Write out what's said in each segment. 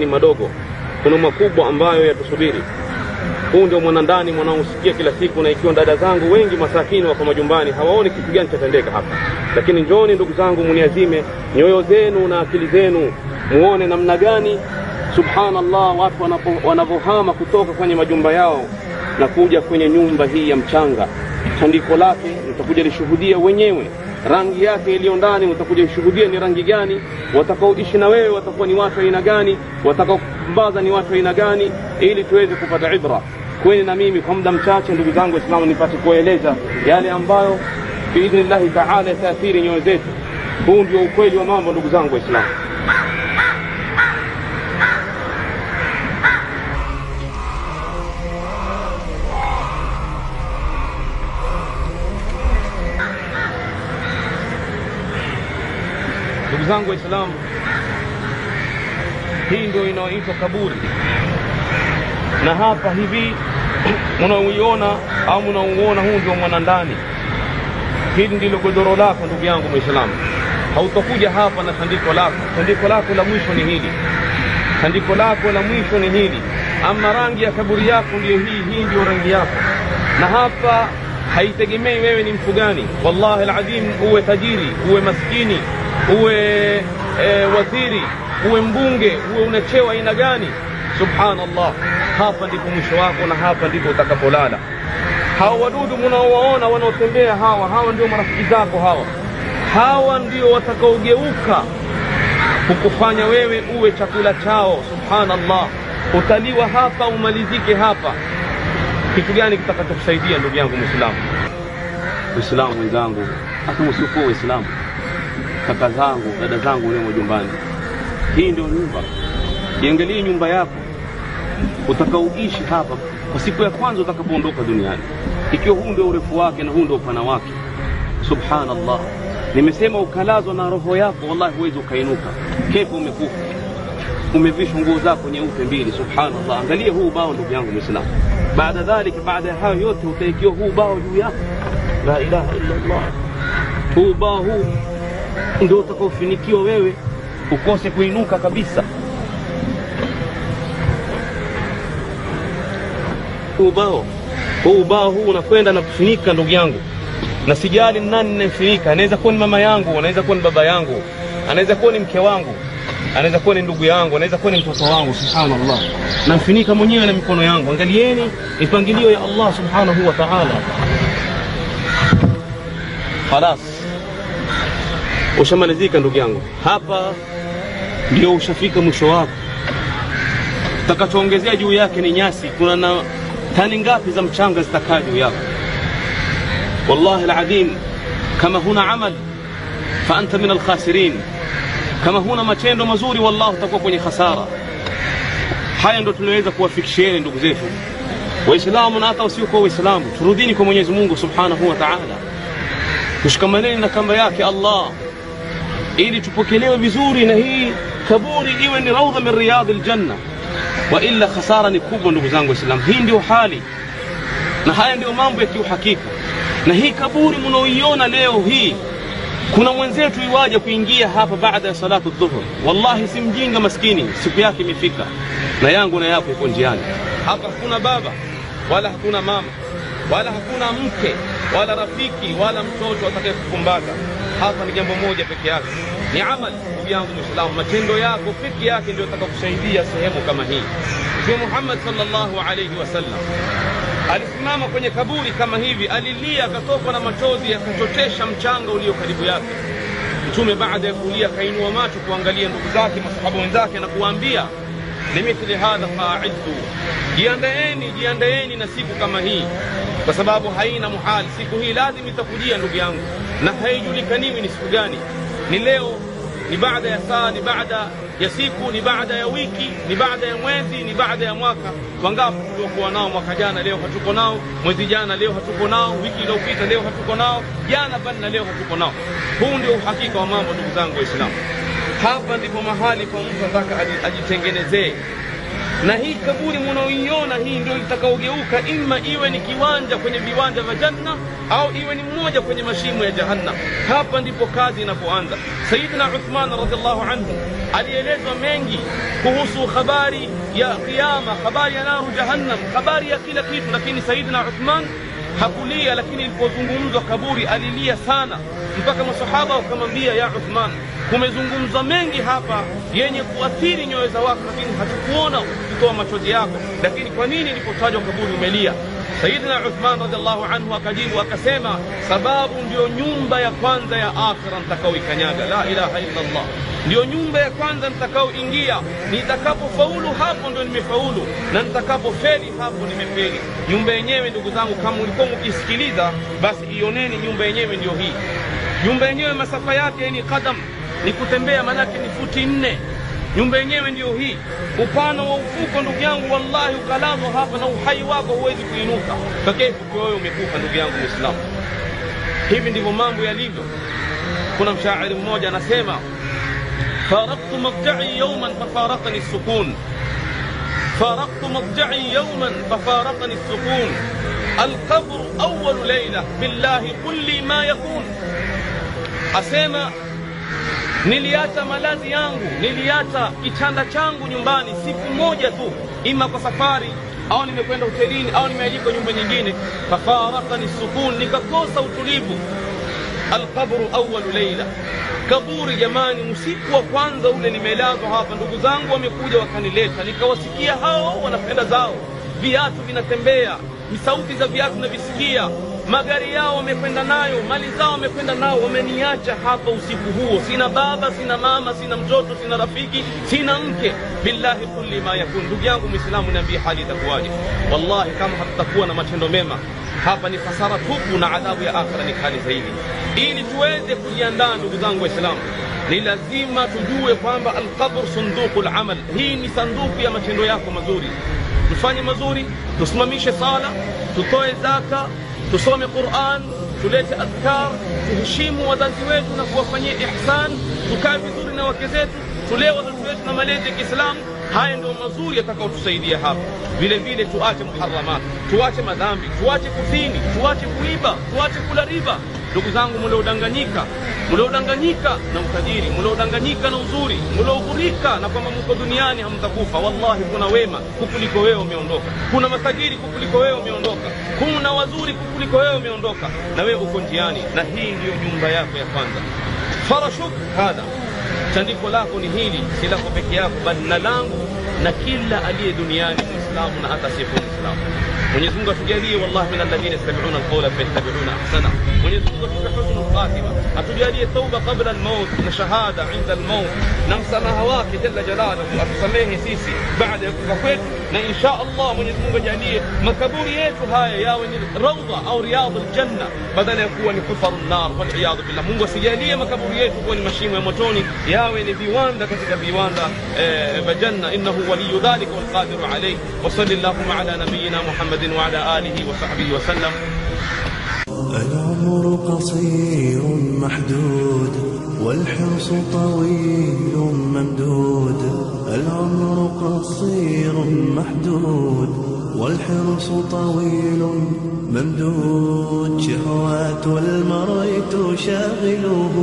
ni madogo, kuna makubwa ambayo yatusubiri. Huu ndio mwanandani mwanaosikia kila siku, na ikiwa dada zangu wengi masakini wako majumbani hawaoni kitu gani chatendeka hapa, lakini njoni ndugu zangu, muniazime nyoyo zenu na akili zenu, muone namna gani subhanallah, watu wanavyohama kutoka kwenye majumba yao na kuja kwenye nyumba hii ya mchanga. Sandiko lake utakuja lishuhudia wenyewe, rangi yake iliyo ndani utakuja ishuhudia ni rangi gani. Watakaoishi na wewe watakuwa ni watu aina gani? Watakaokumbaza ni watu aina gani? Ili tuweze kupata ibra kweni na mimi kwa muda mchache, ndugu zangu Waislamu, nipate kueleza yale ambayo biidhnillahi taala yataathiri nyoyo zetu. Huu ndio ukweli wa mambo, ndugu zangu Waislamu. Ndugu zangu Waislamu, hii ndio inayoitwa kaburi, na hapa hivi mnaoiona au mnauona, huu ndio mwana ndani. Hili ndilo godoro lako, ndugu yangu Mwislamu. Hautakuja hapa na tandiko lako. Tandiko lako la mwisho ni hili, tandiko lako la mwisho ni hili. Ama rangi ya kaburi yako ndiyo hii, hii ndiyo rangi yako, na hapa haitegemei wewe ni mtu gani. Wallahi aladhim, uwe tajiri uwe maskini uwe e, waziri uwe mbunge uwe unachewa aina gani, subhanallah, hapa ndipo mwisho wako na hapa ndipo utakapolala. Hawa wadudu munaowaona wanaotembea hawa, hawa ndio marafiki zako hawa, hawa ndio watakaogeuka kukufanya wewe uwe chakula chao. Subhanallah, utaliwa hapa umalizike hapa. Kitu gani kitakachokusaidia ndugu yangu Muislamu? Muislamu wenzangu akamsifu Uislamu kaka zangu, dada zangu wa jumbani, hii ndio nyumba. Jiangalie nyumba yako utakaoishi hapa kwa siku ya kwanza utakapoondoka duniani, ikiwa huu ndio urefu wake na huu ndio upana wake. Subhanallah, nimesema ukalazwa na roho yako, wallahi huwezi ukainuka. Kepo umekufa, umevishwa nguo zako nyeupe mbili. Subhanallah, angalia huu bao ndugu yangu Muislamu. Baada dhalika, baada ya hayo yote, utaikiwa huu bao juu yako, la ilaha illa Allah, huu bao huu ndio utakaofanikiwa wewe ukose kuinuka kabisa. Ubao huu ubao huu unakwenda na kufunika, ndugu yangu, na sijali nani ninamfunika. Anaweza kuwa ni mama yangu, anaweza kuwa ni baba yangu, anaweza kuwa ni mke wangu, anaweza kuwa ni ndugu yangu, anaweza kuwa ni mtoto wangu. Subhanallah, namfinika mwenyewe na mikono yangu. Angalieni mipangilio ya Allah subhanahu wa ta'ala. Khalas ushamalizika ndugu yangu, hapa ndio ushafika mwisho wako. Takachoongezea juu yake ni nyasi. Kuna na tani ngapi za mchanga zitakaa juu yako? Wallahi aladhim, kama huna amal fa anta min alkhasirin, kama huna matendo mazuri, wallahi utakuwa kwenye khasara Haya ndio tunaweza kuwafikishieni ndugu zetu Waislamu na hata wasiokuwa Waislamu, turudini kwa Mwenyezi Mungu subhanahu wa taala, tushikamaneni na kamba yake Allah ili tupokelewe vizuri na hii kaburi iwe ni raudha min riyadhi ljanna. Wa illa khasara ni kubwa, ndugu zangu Waislamu. Hii ndiyo hali na haya ndiyo mambo ya kiuhakika. Na hii kaburi munaoiona leo hii, kuna mwenzetu iwaja kuingia hapa baada ya salatu dhuhur. Wallahi si mjinga maskini, siku yake imefika, na yangu na yako iko njiani. Hapa hakuna baba wala hakuna mama wala hakuna mke wala rafiki wala mtoto atakaye hapa ni jambo moja peke yake, ni amali. Ndugu yangu Muislamu, matendo yako peke yake ndio atakakusaidia sehemu kama hii. Mtume Muhammad sallallahu alayhi wasallam alisimama kwenye kaburi kama hivi, alilia akatokwa na machozi yakachotesha mchanga ulio karibu yake. Mtume baada ya kulia kainua macho kuangalia ndugu zake, masahaba wenzake na kuwaambia limithli hadha faiddu, jiandaeni jiandaeni na siku kama hii, kwa sababu haina muhali. Siku hii lazima itakujia ndugu yangu, na haijulikaniwi ni siku gani, ni leo, ni baada ya saa, ni baada ya siku, ni baada ya wiki, ni baada ya mwezi, ni baada ya mwaka. Wangapi tuliokuwa nao mwaka jana, leo hatuko nao, mwezi jana, leo hatuko nao, wiki iliyopita, leo hatuko nao, jana bali na leo hatuko nao. Huu ndio uhakika wa mambo, ndugu zangu Waislamu. Hapa ndipo mahali pa mtu ataka ajitengenezee. Na hii kaburi munaoiona hii ndio itakaogeuka imma iwe ni kiwanja kwenye viwanja vya janna au iwe ni mmoja kwenye mashimo ya jahannam. Hapa ndipo kazi inapoanza. Sayyidina Uthman radhiallahu anhu alielezwa mengi kuhusu habari ya kiyama, habari ya naru jahannam, habari ya kila kitu, lakini Sayyidina Uthman hakulia, lakini ilipozungumzwa kaburi alilia sana, mpaka masahaba wakamwambia, ya Uthman, kumezungumza mengi hapa yenye kuathiri nyoyo za wako, lakini hatukuona ukitoa machozi yako, lakini kwa nini ilipotajwa kaburi umelia? Sayyidina Uthman radhiallahu anhu akajibu akasema, sababu ndiyo nyumba ya kwanza ya akhira nitakaoikanyaga. La ilaha illa Allah, ndiyo nyumba ya kwanza nitakaoingia. Nitakapofaulu hapo ndio nimefaulu, na nitakapofeli hapo nimefeli. Nyumba yenyewe ndugu zangu, kama ulikuwa mukisikiliza, basi ioneni nyumba yenyewe ndiyo hii. Nyumba yenyewe masafa yake ni kadam, ni kutembea, manake ni futi nne Nyumba yenyewe ndiyo hii, upana wa ufuko ndugu yangu, wallahi ukalazwa hapa na uhai wako huwezi kuinuka, kakei ukiwa wewe umekufa ndugu yangu Muislamu. Hivi ndivyo mambo yalivyo. Kuna mshairi mmoja anasema, faraktu madjai yauman fafarakani sukun faraktu madjai yauman fafarakani sukun alqabru awalu laila billahi qul li ma yakun, asema Niliacha malazi yangu, niliacha kitanda changu nyumbani siku moja tu, ima kwa safari au nimekwenda hotelini au nimealikwa nyumba nyingine. ni sukun, nikakosa utulivu. Alqabru awalu layla, kaburi jamani, usiku wa kwanza ule nimelazwa hapa, ndugu zangu wamekuja wakanileta, nikawasikia hao wanapenda zao, viatu vinatembea, sauti za viatu navisikia magari yao wamekwenda nayo, mali zao wamekwenda nao, wameniacha hapa usiku huo. Sina baba, sina mama, sina mtoto, sina rafiki, sina mke. Billahi kulli ma yakun. Ndugu yangu Muislamu, niambie hali itakuwaje? Wallahi, kama hatutakuwa na matendo mema hapa ni hasara tupu, na adhabu ya akhira ni kali zaidi. Ili tuweze kujiandaa, ndugu zangu Waislamu, ni lazima tujue kwamba alqabr sunduku lamal, hii ni sanduku ya matendo yako mazuri. Tufanye mazuri, tusimamishe sala, tutoe zaka tusome Qur'an, tulete adhkar, tuheshimu wazazi wetu na kuwafanyia ihsan, tukae vizuri na wake zetu, tulee wazazi wetu na malezi ya Kiislamu. Haya ndio mazuri yatakaotusaidia hapa. Vile vile tuache muharramati, tuache madhambi, tuache kuzini, tuache kuiba, tuache kula riba. Ndugu zangu, mliodanganyika mliodanganyika na utajiri, mliodanganyika na uzuri, mlioghurika na kwamba mko duniani hamtakufa, wallahi kuna wema kukuliko wewe umeondoka, kuna matajiri kukuliko wewe umeondoka kuna wazuri kuliko wewe, umeondoka na wewe uko njiani, na hii ndiyo nyumba yako ya kwanza. Farashuk hadha, chandiko lako ni hili, si lako peke yako, bali na langu na kila aliye duniani, Muislamu na hata siyepo Muislamu. mwenyezimungu Mungu atujalie, wallahi min alladhina yastami'una alqaula fayattabi'una ahsana. ونرزقك بحسن الخاتمة أتجاري التوبة قبل الموت وشهادة عند الموت نمسى هواك جل جلاله أتصليه سيسي بعد وفيت إن شاء الله من يزمو جانية مكبوريات هاي يا وني روضة أو رياض الجنة بدنا يكون حفر النار والعياذ بالله مو وسيالية مكبوريات وني مشيم ومتوني يا وني بيواندا كتك بيواندا بجنة إنه ولي ذلك والقادر عليه وصلى اللهم على نبينا محمد وعلى آله وصحبه وسلم العمر قصير محدود والحرص طويل ممدود العمر قصير محدود والحرص طويل ممدود شهوات المرء تشاغله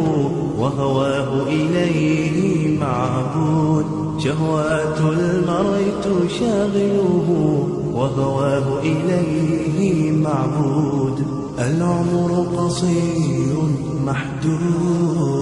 وهواه إليه معبود شهوات المرء تشاغله وهواه إليه معبود العمر قصير محدود